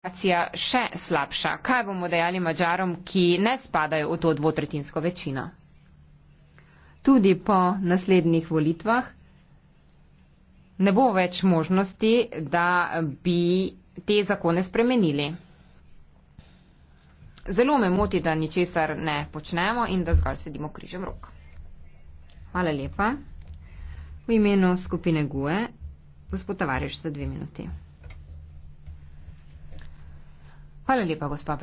situacija še slabša. Kaj bomo dejali Mačarom, ki ne spadajo v to dvotretinsko večino? Tudi po naslednjih volitvah ne bo več možnosti, da bi te zakone spremenili. Zelo me moti, da ničesar ne počnemo in da zgolj sedimo križem rok. Hvala lepa. V imenu skupine GUE, gospod Tavarež, za dve minuti. Hvala lepa, gospa predsednica.